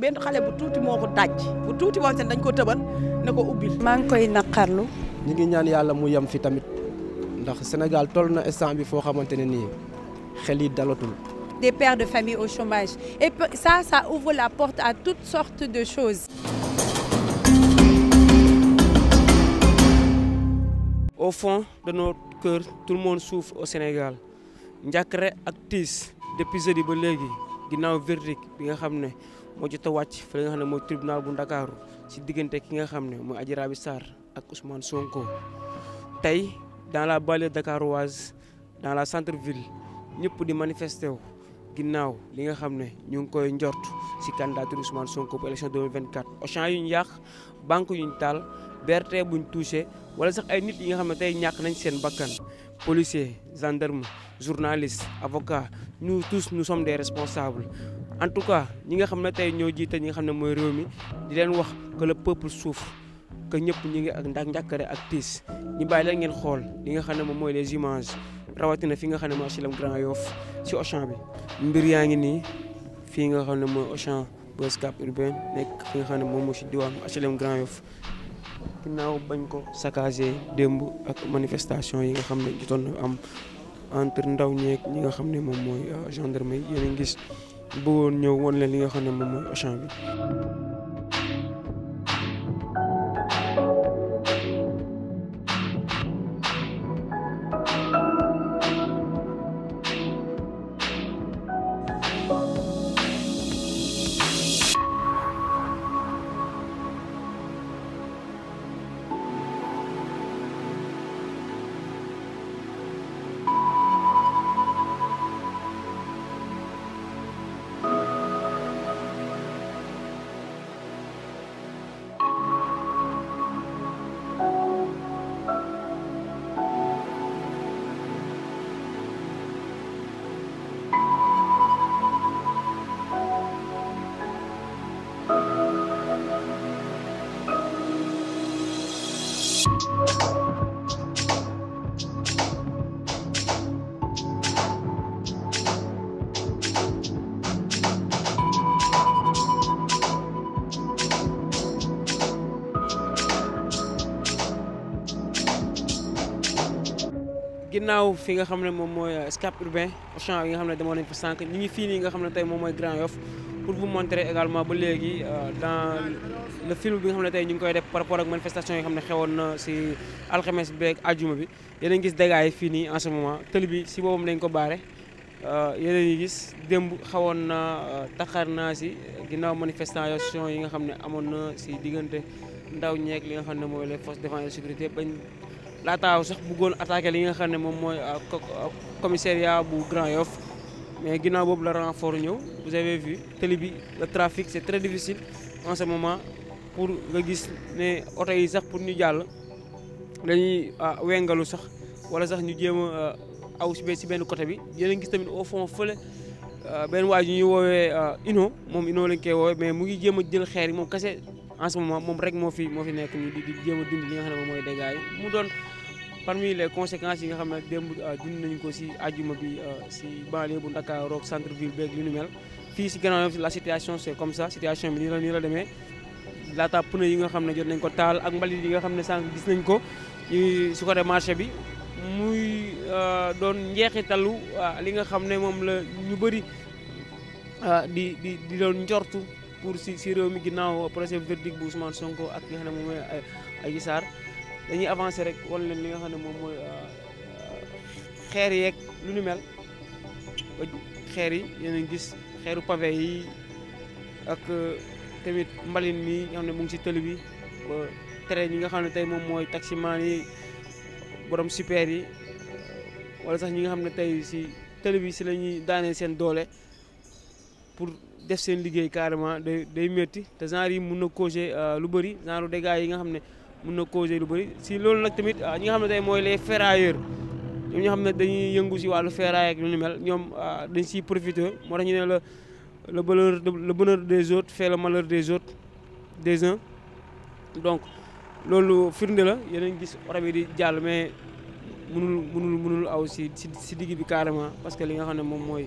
benn xale bu tuuti moo ko daj bu tuuti boo xam dañ ko tëbal na ko ubbil. maa ngi koy naqarlu. ñu ngi ñaan yàlla mu yem fi tamit ndax Sénégal toll na instant bi foo xamante ne nii xel yi dalatul. des pères de famille au chômage et ça ça ouvre la porte a toutes sortes de choses. au fond de notre cœur tout le monde souffre au Sénégal njàkkare ak tiis depuis jeudi ba léegi ginnaaw verdict bi nga xam ne. moo jot a wàcc fële nga xam ne mooy tribunal bu Ndakaaru si diggante ki nga xam ne mooy Adji Raby Sarr ak Ousmane Sonko tey dans la banlieue dakaroise dans la centre ville ñëpp di manifesté wu ginnaaw li nga xam ne ñu ngi koy njort si candidature Ousmane Sonko bu élection 2024 Auchan yu ñu yàq banque yu ñu taal berte buñ touché wala sax ay nit yi nga xam ne tey ñàkk nañ seen bakkan policier gendarme journaliste avocat nous tous nous sommes des responsables en tout cas ñi nga xam ne tey ñoo jiite ñi nga xam ne mooy réew mi di leen wax que le suuf souffre que ñëpp ñi ngi ak ndax njàkkare ak tiis ñu bàyyi ngeen xool li nga xam ne moom mooy les images rawatina fi nga xam ne mooy Asilem Grand Yoff si Auchan bi. mbir yaa ngi nii fii nga xam ne mooy Auchan Boss nekk fi xam moom moo si diwaan Asilem Grand Yoff ginnaaw bañ ko saccagé démb ak manifestation yi nga xam ne am entre ndaw ñeeg ñi nga xam ne moom mooy euh, gendarmerie yéen a ngi gis. bëggoon ñëw woon leen li nga xam ne moom mooy bi gannaaw fi nga xam ne moom mooy Scat Urbam Auchan yi nga xam ne demoon nañ fa sànq ñu ngi fii nii nga xam ne tey moom mooy Grand Yoff pour vous montrer également ba léegi euh, dans le film bi nga xam ne tey ñu ngi koy def par rapport ak manifestation yi nga xam ne xewoon na si alxames bi ak ajuma bi yéen gis dégâts yi fii nii en ce moment bi si boobam dañ ko baare euh, yéen a gis démb xawoon na euh, taxar naa si ginnaaw manifestation yi nga xam ne amoon na si diggante ndaw ñeeg li nga xam ne mooy les forces de défense et de sécurité laataaw sax bëggoon attaque li nga xam ne moom mooy euh, euh, commissariat bu Grand Yoff mais ginnaaw boobu la renfort ñëw vous avez vu bi le trafic c'est très difficile en ce moment pour nga gis ne oto yi sax pour ñu jàll dañuy euh, wengalu sax walla sax ñu jéem a aw si si benn côté bi yéen a ngi gis tamit au fond fële benn waa ji ñuy woowee Ino moom Ino lañ koy woowee mais mu ngi jéem a jël xeer yi moom kese en ce moom rek moo fi moo fi nekk nii di di jéem a dund li nga xam ne moom mooy dégâts yi mu doon parmi les conséquences yi nga xam ne démb euh, dund nañu ko si ajuma bi euh, si banlieue bu Dakar roog centre ville beeg lu nu mel fii si gannaaw la situation comme ça situation bi nii la nii la demee laata pneu yi nga xam ne jot nañ ko taal ak mbalit yi nga xam ne sànq gis nañ ko su ko marché bi muy euh, doon njeexitalu li nga xam ne moom la ñu bëri di di di doon njortu pour si si réew mi ginaaw ginnaaw procès verdict bu Ousmane Sonko ak nga xam ne moom mooy euh, Adji Sarr dañuy avancer rek wan leen li nga xam ne moom mooy euh, xeer yeeg lu xeer yi yéen gis xeeru pavé yi ak euh, tamit mbalin mi nga xam ne mu ngi si tëli yi nga xam ne tey moom mooy taximaan yi borom super yi wala sax ñi nga xam ne tey si tëli si lañuy ñuy daanee seen doole pour def seen liggéey carrément day day métti te genre yi mun na causer euh, lu bëri genre dégâts yi nga xam ne mun na causer lu bëri si loolu nag tamit euh, ñi nga xam ne tey mooy les ferrailleurs ñoom ñoo xam ne dañuy yëngu si wàllu ferraille ak lu ñu mel ñoom euh, dañ si profité moo tax ñu ne la le bonheur le bonheur des autres fait maleur des autres des uns donc loolu firnde la yeneen gis oto bi di jàll mais mënul munul mënul aw si si digg bi carrément parce que li nga xam ne moom mooy.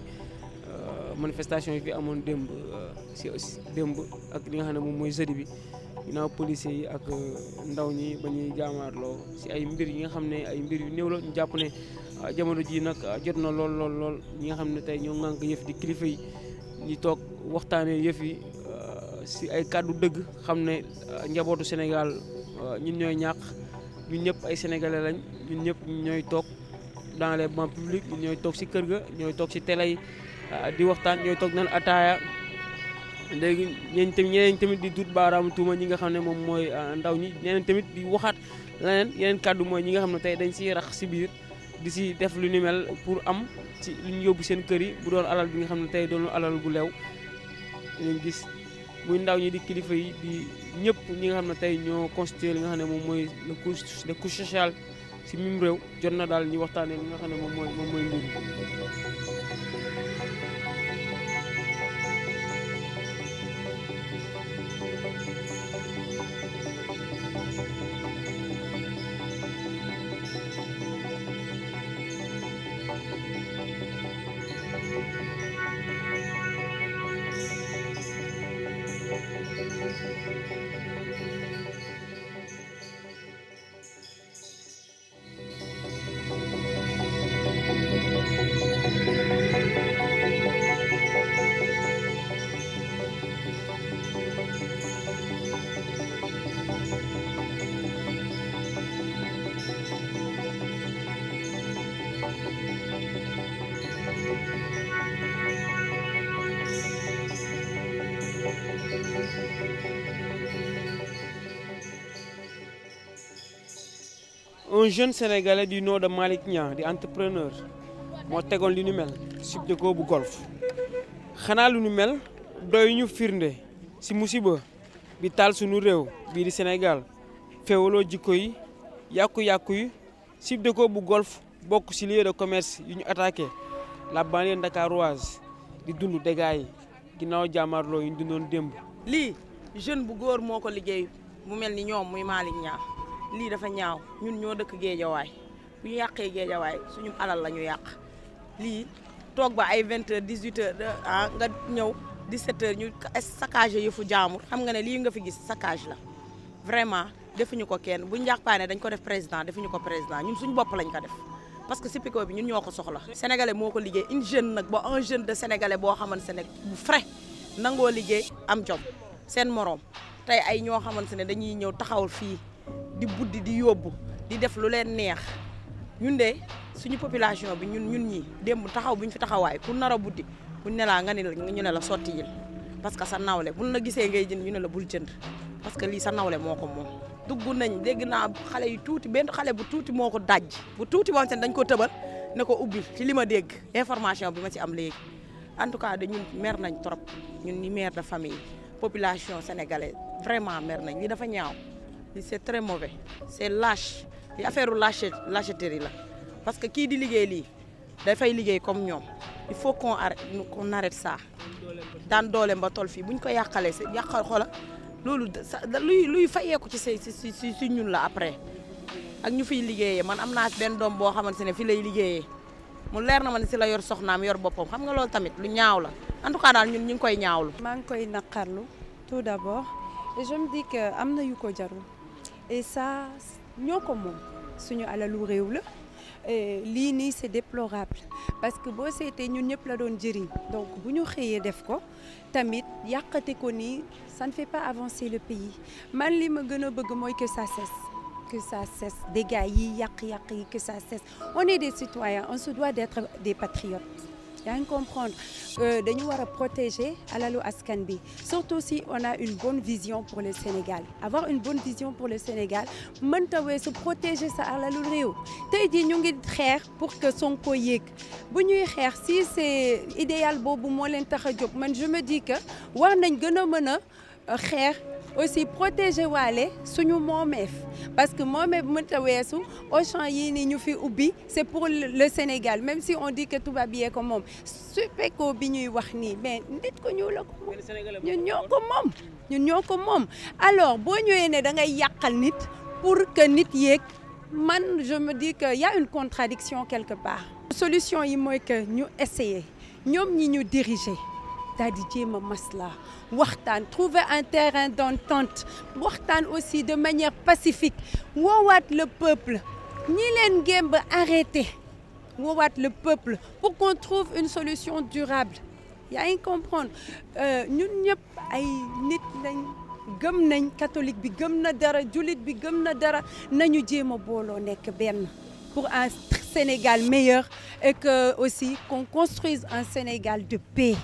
manifestation yi fi amoon démb euh, si démb ak li nga xam ne moom mooy jeudi bi ginnaaw policiers yi ak euh, ndaw ñi ba ñuy jaamaarloo si ay mbir yi nga xam ne ay mbir yu néew la ñu jàpp ne euh, jamono ji nag jot na lool lool lool ñi nga xam ne tey ñoo ŋànk yëf di kilifa yi ñi toog waxtaanee yëf yi si ay kàddu dëgg xam ne njabootu Sénégal ñun ñooy ñàkk ñun ñëpp ay sénégalais lañ ñun ñëpp ñooy toog dans les bancs publics ñun ñooy toog si kër ga ñooy toog ci tele yi Ah, di waxtaan ñooy toog naan ataaya léegi ñeen tamit ñeneen tamit di dut baaraamu tuuma ñi nga xam ne moom mooy ah, ndaw ñi ñeneen tamit di waxaat leneen yeneen kàddu mooy ñi nga xam ne tey dañu siy rax si biir di si def lu ni mel pour am ci lu yóbbu seen kër yi bu doon alal bi nga xam ne tey doonul alal bu lew leen gis muy ndaw ñi di kilifa yi di ñëpp ñi nga xam ne tey ñoo constitué li nga xam ne moom mooy le couche le sociale si mim réew jot na daal ñu waxtaanee li nga xam ne moom mooy moom mooy nguur un jeune sénégalais du nom de Malick Niang di entrepreneur moo tegoon li nu mel Supdeco bu golf xanaa lu nu mel doy ñu firnde si musiba bi taal sunu réew bii di Sénégal féewaloo jikko yi yàqu-yàqu yi Supdeco bu golf bokk si lieu de commerce yu ñu attaqué la banlieue dakaroise di dund dégâts yi ginnaaw jàmmarloo yu ñu dundoon démb. lii jeune bu góor moo ko liggéey mu mel ni ñoom muy Malick Niang lii dafa ñaaw ñun ñoo dëkk géejawaay bu ñu yàqee géejawaay suñu alal la ñu yàq lii toog ba ay 20 heures 18 heures ah nga ñëw 17 heures ñu saccage fu jaamur xam nga ne lii nga fi gis saccage la vraiment defuñu ko kenn bu buñ jàppaane dañ ko def président defuñu ko président ñun suñu bopp lañ ko def parce que Sipiko bi ñun ñoo ko soxla. sénégalais moo ko liggéey une jeune nag ba un jeune de sénégalais boo xamante ne bu frais nangoo liggéey am jom seen moroom tey ay ñoo xamante ne dañuy ñëw taxawal fii. di buddi di yóbbu di def lu leen neex ñun de suñu population bi ñun ñun ñi démb taxaw bu ñu fi taxawaay ku nar a buddi buñ ne laa nga ne ñu ne la sotti yil parce que sa nawle buñ na gisee ngay jënd ñu ne la bul jënd parce que lii sa nawle moo ko moom dugg nañ dégg naa xale yi tuuti benn xale bu tuuti moo ko dajj bu tuuti moom seen dañ ko tëbal ne ko ubbi ci li ma dégg information bi ma ci am léegi en tout cas dañun mer nañ trop ñun ni mère de famille population sénégalaise vraiment mer nañ lii dafa ñaaw li c'est très mauvais c'est lâche li affaire lâche lâcheterie la parce que kii di liggéey lii dafay liggéey comme ñoom il faut qu'on arrête qu'on arrête ça daan doole ba tol fii bu ñu ko yàqalee si yàqal xoola loolu luy luy fayeeku ci say si ñun la après ak ñu fiy liggéeyee man am naa benn doom boo xamante ne fi lay liggéeyee mu leer na ma ne si la yor soxnaam yor boppam xam nga loolu tamit lu ñaaw la en tout cas daal ñun ñu ngi koy ñaawlu. maa ngi koy naqarlu tout d'abord et je me que am na yu ko jarul. et ça ñoo ko moom suñu alalu réew la lii nii c'est déplorable parce que boo seetee ñun ñëpp la doon jëriñ donc bu ñu xëyee def ko tamit yàqate ko nii ça ne fait pas avancer le pays man lii ma gën a bëgg mooy que ça cesse que ça cesse dégâts yi yàq-yàq yi que sa cesse on est des citoyens on se doit d'être des patriotes yaa ngi comprendre euh, dañu war a protéger alalu askan bi surtout si on a une bonne vision pour le Sénégal avoir une bonne vision pour le Sénégal mënta weesu protéger sa alalu réew tey jii ñu ngi xeex pour que Sonko yéeg bu ñuy xeex si c'est idéal boobu moo leen tax a jóg man je me dis que war nañ gën a mën a xeex aussi protéger waale suñu moomeef parce que moomeef mënta weesu Auchan yii nii ñu fi ubbi c'est pour le Sénégal même si on dit que tubaab yee ko moom Supeco bi ñuy wax nii mais nit ko ñu la ko moom ñun ñoo ko moom ñun ñoo ko moom alors boo ñëwee ne da ngay yàqal nit pour que nit yeeg man je me dis que y a une contradiction quelque part solution yi mooy que ñu essayer ñoom ñi ñu diriger daal di jéem a maslaa waxtaan trouver un terrain d'entente waxtaan aussi de manière pacifique woowaat le peuple ñi leen gëm ba arrêté woowaat le peuple pour qu'on trouve une solution durable yaa ngi comprendre euh, ñun ñëpp ay nit lañ gëm nañ catholique bi gëm na dara jullit bi gëm na dara nañu jéem a booloo nekk benn pour un Sénégal meilleur et que aussi qu'on construise un Sénégal de paix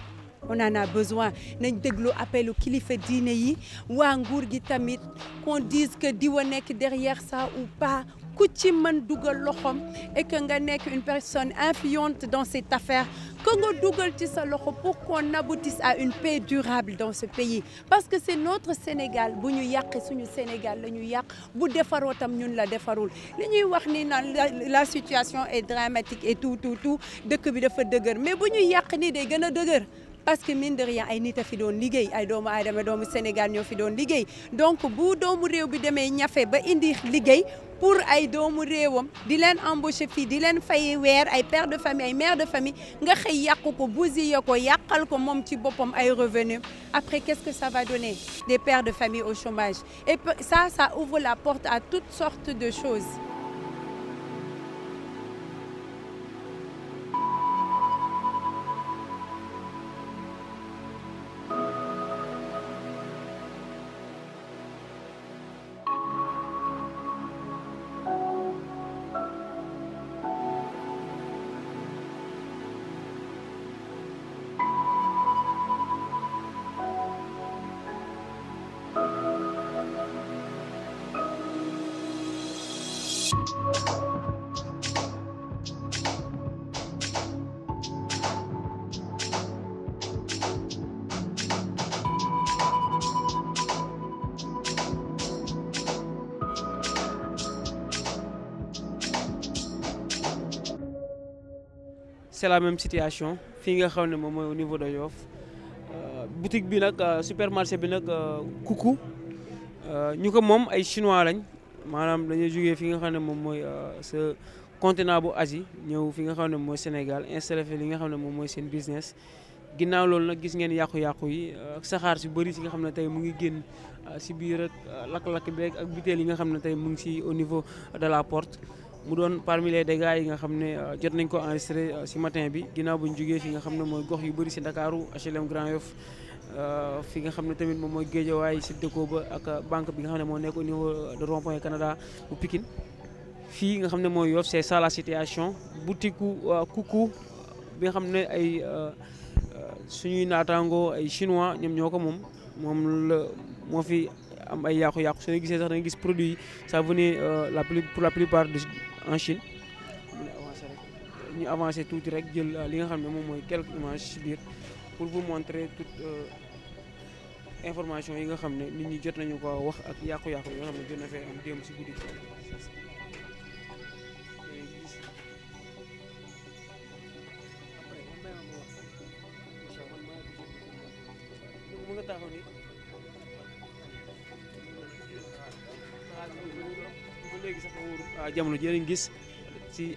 on naa a besoin nañ déglu appelu kilifa diine yi waa nguur gi tamit kon dise que diwa nekk derrière ça ou pa ku ci mën dugal loxom et que nga nekk une personne influente dans cette affaire que dugal ci sa loxo pour qu'on aboutisse à une paix durable dans ce pays parce que c'est notre Sénégal bu ñu yàqee suñu Sénégal la ñu yàq bu defaroo tam ñun la defarul li ñuy wax ni naan la situation est dramatique et tout tout tout dëkk bi dafa dëgër mais bu ñu yàq ni day gën a dëgër parce que mine de rien ay nit a fi doon liggéey ay doomu aadama doomu Sénégal ñoo fi doon liggéey donc bu doomu réew bi demee ñafe ba indi liggéey pour ay doomu réewam di leen embauché fii di leen fay weer ay père de famille ay mère de famille nga xëy yàqu ko bousillé ko yàqal ko moom ci boppam ay revenu après que ça va donner des pères de famille au chômage et ça ça ouvre la porte à toutes sortes de choses c'est la même situation fii nga xam ne moom mooy au niveau de Yoff euh, boutique bi nag euh, supermarché bi nag euh, kuku ñu ko moom ay chinois lañ maanaam dañuy jógee fii nga xam ne moom mooy sa continent bu Asie ñëw fi nga xam ne mooy Sénégal installé fi li nga xam ne moom mooy seen business ginnaaw loolu nag gis ngeen yàqu-yàqu yi ak saxaar si bëri si nga xam ne tey mu ngi génn si biir ak lakk-lakk bi rek ak butéel yi nga xam ne tey mu ngi si au niveau de la porte mu doon parmi les dégâts yi nga xam ne euh, jot nañ ko enregistré euh, ci matin bi ginnaaw bu ñu jugee fi nga xam ne mooy gox yu bëri si Ndakaaru HLM Grand Yoff euh, fi nga xam ne tamit moom mooy Géejawaay ci dëkkoo ba ak banque bi nga xam ne moo nekk au niveau de rond-point fii nga xam ne mooy Yoff c'est ça la situation boutique Coucou bi nga xam ne ay suñuy naataangoo ay chinois ñoom ñoo ko moom moom la moo fi am ay yàqu-yàqu gisee sax na nga gis produit yi ça venait la pour la plupart de en Chine mu rek ñu avancé tuuti rek jël euh, li nga xam ne moom mooy quelques images si biir pour vous montrer toute euh, information yi nga xam ne nit ñi jot nañu ko wax ak yàqu-yàqu yi nga xam ne jot na fee am démb si guddi jamono ji lañ gis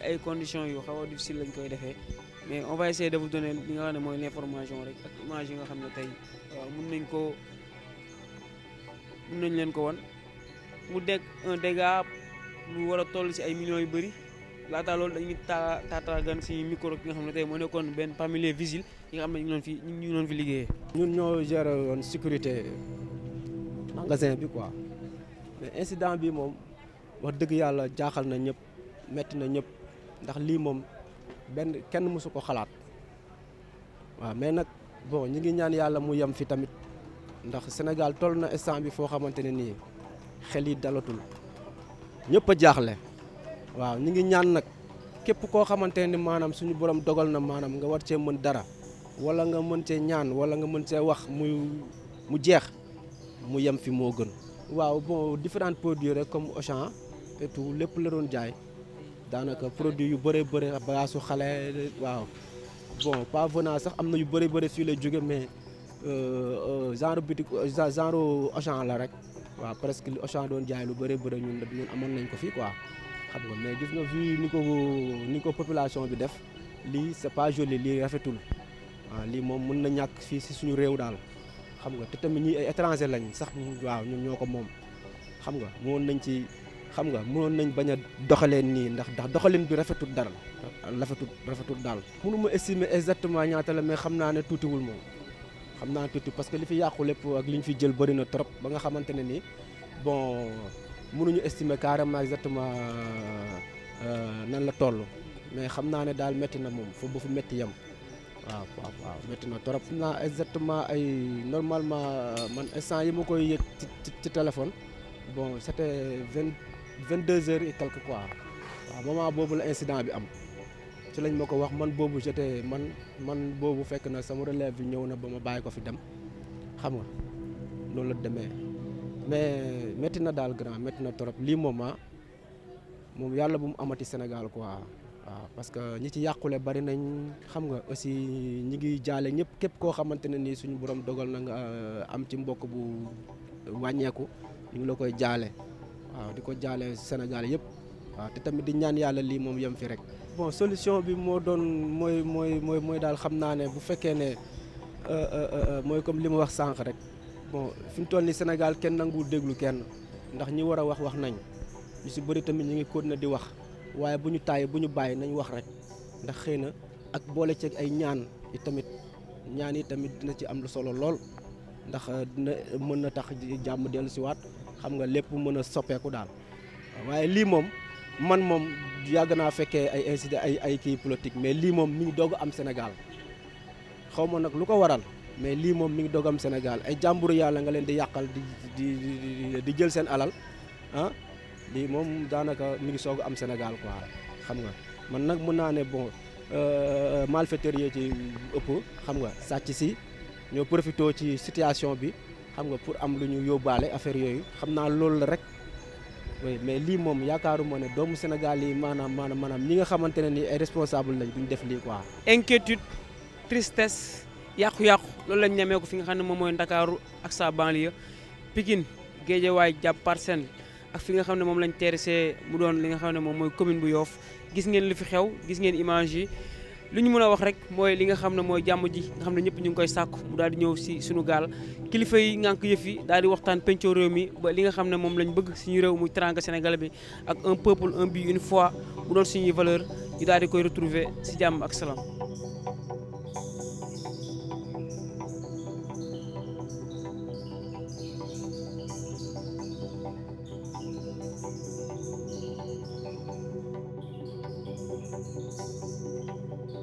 ay conditions yu xaw a difficile lañ koy defee mais on va essayer de vous nga xam ne mooy l'information rek ak image yi nga xam ne tey mun nañ ko mun nañ leen ko won mu dégg un dégât lu si ay millions yu bëri laata loolu dañuy taa taataagan si micro ki nga xam ne tey moo nekkoon benn parmi les vigiles nga xam ne ñu ngi fi ñu ngi doon fi liggéeyee. ñun ñoo gérer yoon sécurité magasin bi quoi mais incident bi moom. wax dëgg yàlla jaaxal na ñëpp metti na ñëpp ndax lii moom benn kenn mësu ko xalaat waaw mais nag bon ñu ngi ñaan yàlla mu yem fi tamit ndax Sénégal toll na instant bi foo xamante ne nii xel yi dalatul ñëpp a jaaxle waaw ñu ngi ñaan nag képp koo xamante ne maanaam suñu borom dogal na maanaam nga war cee mën dara wala nga mën cee ñaan wala nga mën cee wax muy mu jeex mu yem fi moo gën waaw bon différents produits rek comme Auchan et tout lépp la doon jaay daanaka produit yu bëree bëri bagaasu xale waaw bon pas venant sax am na yu bëri bëri fii lay jóge mais euh, euh, genre boutique genre Auchan la rek waaw presque li Auchan doon jaay lu bëri bëri ñun ñun amoon nañ ko fii quoi xam nga mais gis nga fii ni ko ni ko population bi def lii c'est pas joli lii rafetul waaw lii moom mën na ñàkk fii si suñu réew daal xam nga te tamit ñi ay étranger lañ sax waaw ñoo ko moom xam nga moon nañ ci xam nga mënoon nañ bañ a doxaleen nii ndax ndax doxalin bi rafetul dara rafetul rafetul daal mënu ma estimer exactement ñaata la mais xam naa ne tuutiwul moom xam naa ne tuuti parce que li fi yàqu lépp ak li ñu fi jël bëri na trop ba nga xamante ne nii bon mënuñu estimer carrément exactement euh, nan la toll mais xam naa ne daal métti na moom foofu ba fu métti yem waaw waaw waaw métti na trop naa exactement ay normalement man instant yi ma koy yëg ci ci téléphone vingt deux heures et quelque quoi waaw boobu la incident bi am ci lañ ma ko wax man boobu jotee man man boobu fekk na sama relève bi ñëw na ba ma bàyyi ko fi dem xam nga loolu la demee mais metti na daal grand métti na trop lii moment ah, moom yàlla bu mu amati Sénégal quoi waa parce que ñi ci yàqule bari nañ xam nga aussi ñi ngi jaale ñëpp képp koo xamante ne nii suñu borom dogal na nga euh, am ci mbokk bu wàññeeku ñu ngi la koy jaale. waaw di ko jaale Sénégal yëpp waaw te tamit di ñaan yàlla lii moom yem fi rek. bon solution bi moo doon mooy mooy mooy mooy daal xam naa ne bu fekkee ne euh, euh, euh, mooy comme li ma wax sànq rek bon fi mu toll nii Sénégal kenn nanguwul déglu kenn ndax ñi war a wax wax nañ ñu si bëri tamit ñu ngi continuer di wax waaye bu ñu tàyyi bu ñu bàyyi nañ wax rek ndax xëy na ak boole ceeg ay ñaan yi tamit ñaan yi tamit dina ci am lu solo lool ndax dina mën na tax jàmm dellu si xam nga lépp mën a soppeeku daal waaye lii moom man moom yàgg naa fekkee ay incident ay kii politique mais lii moom mi ngi doog am Sénégal xaw ma nag lu ko waral mais lii moom mi ngi doog am Sénégal ay jàmburu yàlla nga leen di yàqal di di di jël seen alal ah, lii moom daanaka mi ngi soog am Sénégal quoi xam nga man nag mën naa ne bon euh, malfaiteurs yi ci ëpp xam nga sàcc si ñoo profité ci situation bi. xam nga pour am lu ñu yóbbaale affaire yooyu xam naa loolu la rek oui mais lii moom yaakaaruma ne doomu Sénégal yi maanaam maanaam maanaam ñi nga xamante ne ni ay responsable bu ñu def lii quoi. inquiétude tristesse yàqu-yàqu loolu lañ ñemee ko fi nga xam ne moom mooy Ndakaaru ak sa banlieue Pikine Géejawaay jàpp Parcelles ak fi nga xam ne moom lañ terrassé mu doon li nga xam ne moom mooy commune bu Yoff gis ngeen li fi xew gis ngeen image yi. li ñu mën a wax rek mooy li nga xam ne mooy jàmm ji nga xam ne ñëpp ñu ngi koy sàkku mu daal ñëw si suñu gaal kilifa yi ngànk yëf yi daal di waxtaan pencoo réew mi ba li nga xam ne moom lañu bëgg suñu réew muy teranga Sénégal bi ak un peuple un but une foi mu doon suñuy valeur ñu daal di koy retrouver si jàmm ak salaam